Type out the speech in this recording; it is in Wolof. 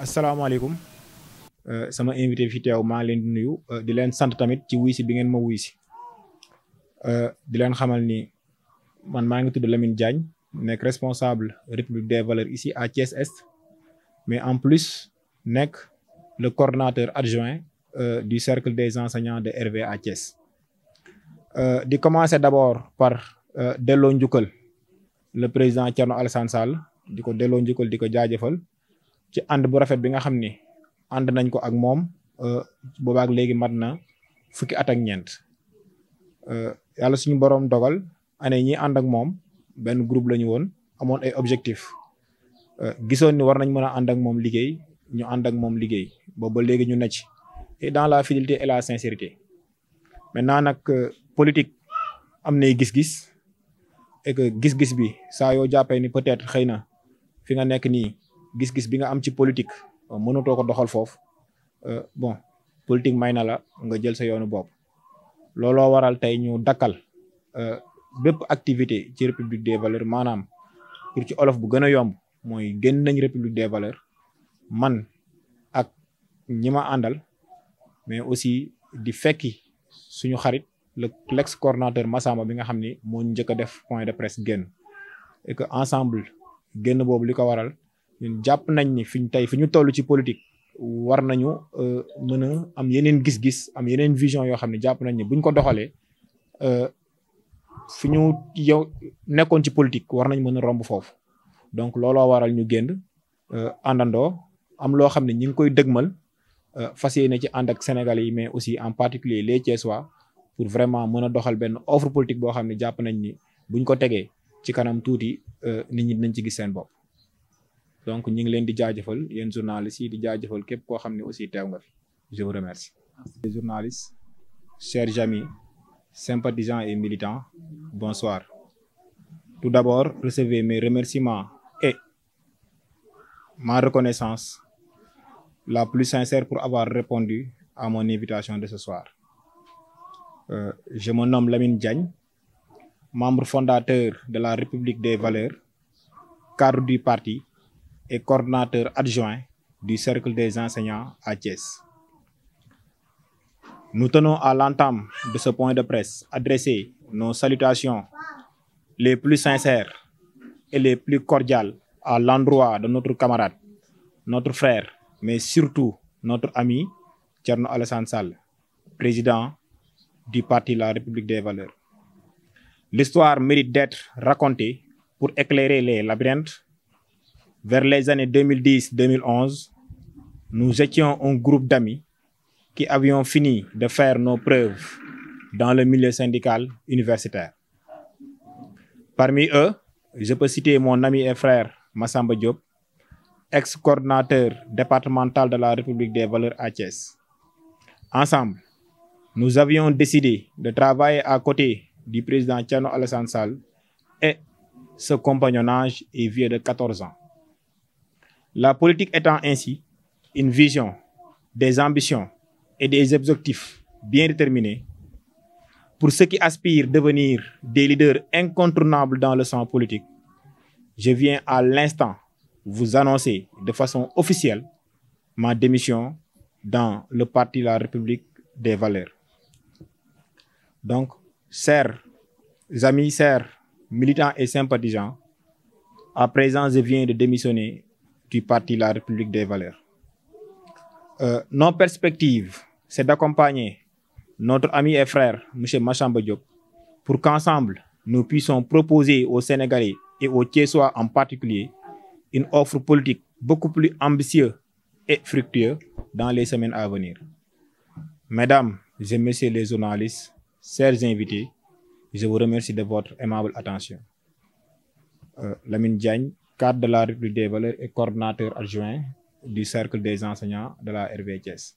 asalaamaaleykum euh, sama invité bi fi maa ngi leen di nuyu euh, di leen sant tamit ci wuy si bi ngeen ma wuy si euh, di leen xamal ni man maa ngi tudd Lamine Diagne nekk responsable République des Valeurs ici à Thiès Est mais en plus nekk le coordonnateur adjoint euh, du cercle des enseignants de RV à Thiès euh, di commencer d'abord par euh, delloo njukkal le président Thierno Alassane Sall di ko delloo njukkal di ko jaajëfal ci ànd bu rafet bi nga xam ni ànd nañ ko ak moom euh, boobaak léegi mat na fukki at ak ñeent euh, yàlla suñu boroom dogal année ñi ànd ak moom benn groupe la woon amoon ay objectif gisoon ni war nañ mën a ànd ak moom liggéey ñu ànd ak moom liggéey booba léegi ñu ne ci dans la fidélité et la sincérité maintenant nag euh, politique am nay gis-gis et gis-gis bi saa yoo jàppee ni peut-être xëy na fi nga nekk nii gis-gis bi nga am ci politique euh, mënatoo ko doxal foofu euh, bon politique may na la nga jël sa yoonu bopp looloo waral tey ñu dakkal bépp activité ci république des valeurs maanaam pour ci olof bu gën a yomb mooy génn nañ république des valeurs man ak ñi ma àndal mais aussi di fekki suñu xarit le l'ex coordonnateur Massamba bi nga xam ni moo njëkk def point de presse génn et que ensemble génn boobu li ko waral ñun jàpp nañ ni fi ñu tey fi ñu toll ci politique war nañu euh, mën a am yeneen gis-gis am yeneen vision yoo xam ne jàpp nañ ni buñ ko doxalee euh, fi ñu yow nekkoon ci politique war nañ mën a romb foofu donc looloo waral ñu génn euh, àndandoo am loo xam ne ñi ngi koy dëgmal Euh, fas yéene ci ànd ak sénégal yi mais aussi en particulier les Thiessois pour vraiment mën a doxal benn offre politique boo xam ne jàpp nañ ni buñ ko tegee ci kanam tuuti euh, nit ñi dinañ ci gis seen bopp. donc ñu ngi leen di jaajëfal yéen journalistes yi di jaajëfal képp koo xam ne aussi teew nga fi je vous remercie. les journalistes chers amis sympathisants et militants bonsoir. tout d'abord recevez mes remerciements et ma reconnaissance. la plus sincère pour avoir répondu à mon invitation de ce soir. Euh, je me nomme Lamine Diagne, membre fondateur de la République des valeurs, cadre du parti et coordinateur adjoint du Cercle des enseignants à Thiès. Nous tenons à l'entame de ce point de presse adresser nos salutations les plus sincères et les plus cordiales à l'endroit de notre camarade, notre frère, mais surtout notre ami Thierno Alassane Sall, président du parti La République des Valeurs. L'histoire mérite d'être racontée pour éclairer les labyrinthes. Vers les années 2010-2011, nous étions un groupe d'amis qui avions fini de faire nos preuves dans le milieu syndical universitaire. Parmi eux, je peux citer mon ami et frère Massamba Diop, ex-coordinateur départemental de la République des valeurs à Thiès. Ensemble, nous avions décidé de travailler à côté du président Thierno Alassane Sall et ce compagnonnage est vieux de 14 ans. La politique étant ainsi une vision, des ambitions et des objectifs bien déterminés, pour ceux qui aspirent à devenir des leaders incontournables dans le champ politique, je viens à l'instant vous annoncer de façon officielle ma démission dans le parti La République des Valeurs. Donc, chers amis, chers militants et sympathisants, à présent, je viens de démissionner du parti La République des Valeurs. Euh, nos perspectives, c'est d'accompagner notre ami et frère, M. Machamba Diop, pour qu'ensemble, nous puissions proposer aux Sénégalais et aux Thiessois en particulier une offre politique beaucoup plus ambitieuse et fructueuse dans les semaines à venir. Mesdames et messieurs les journalistes, chers invités, je vous remercie de votre aimable attention. Euh, Lamine Diagne, cadre de la République des valeurs et coordonnateur adjoint du Cercle des enseignants de la RVTS.